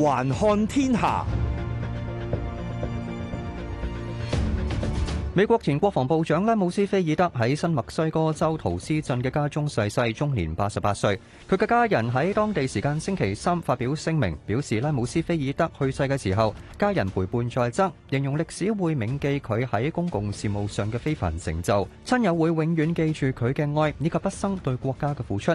環看天下。美國前國防部長拉姆斯菲爾德喺新墨西哥州圖斯鎮嘅家中逝世，終年八十八歲。佢嘅家人喺當地時間星期三發表聲明，表示拉姆斯菲爾德去世嘅時候，家人陪伴在側，形容歷史會銘記佢喺公共事務上嘅非凡成就，親友會永遠記住佢嘅愛以及畢生對國家嘅付出。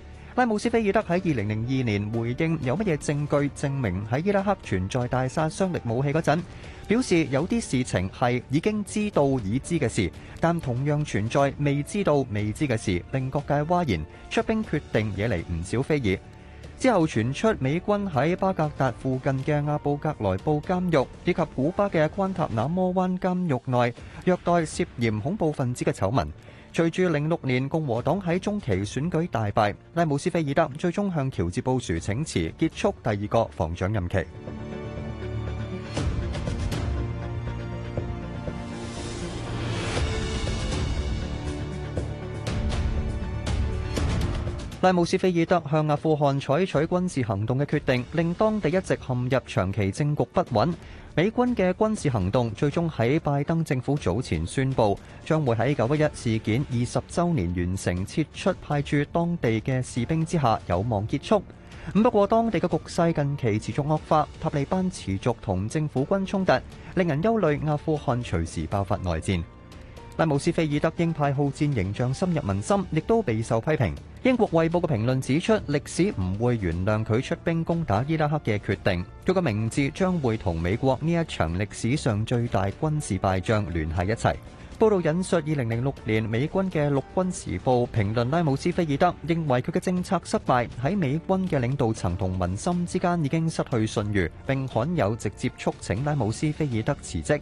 拉姆斯菲爾德喺2002年回應有乜嘢證據證明喺伊拉克存在大殺傷力武器嗰陣，表示有啲事情係已經知道已知嘅事，但同樣存在未知道未知嘅事，令各界譁然。出兵決定惹嚟唔少非議。之後傳出美軍喺巴格達附近嘅阿布格萊布監獄以及古巴嘅關塔那摩灣監獄內虐待涉嫌恐怖分子嘅醜聞。隨住零六年共和黨喺中期選舉大敗，拉姆斯菲爾德最終向喬治布殊請辭，結束第二個防長任期。拉姆斯菲爾德向阿富汗採取軍事行動嘅決定，令當地一直陷入長期政局不穩。美軍嘅軍事行動最終喺拜登政府早前宣布將會喺九一一事件二十週年完成撤出派駐當地嘅士兵之下有望結束。咁不過當地嘅局勢近期持續惡化，塔利班持續同政府軍衝突，令人憂慮阿富汗隨時爆發內戰。拉姆斯菲爾德鷹派好戰形象深入民心，亦都備受批評。英國衛報嘅評論指出，歷史唔會原諒佢出兵攻打伊拉克嘅決定，佢嘅名字將會同美國呢一場歷史上最大軍事敗仗聯繫一齊。報道引述二零零六年美軍嘅陸軍時報評論拉姆斯菲爾德，認為佢嘅政策失敗喺美軍嘅領導層同民心之間已經失去信譽，並罕有直接促請拉姆斯菲爾德辭職。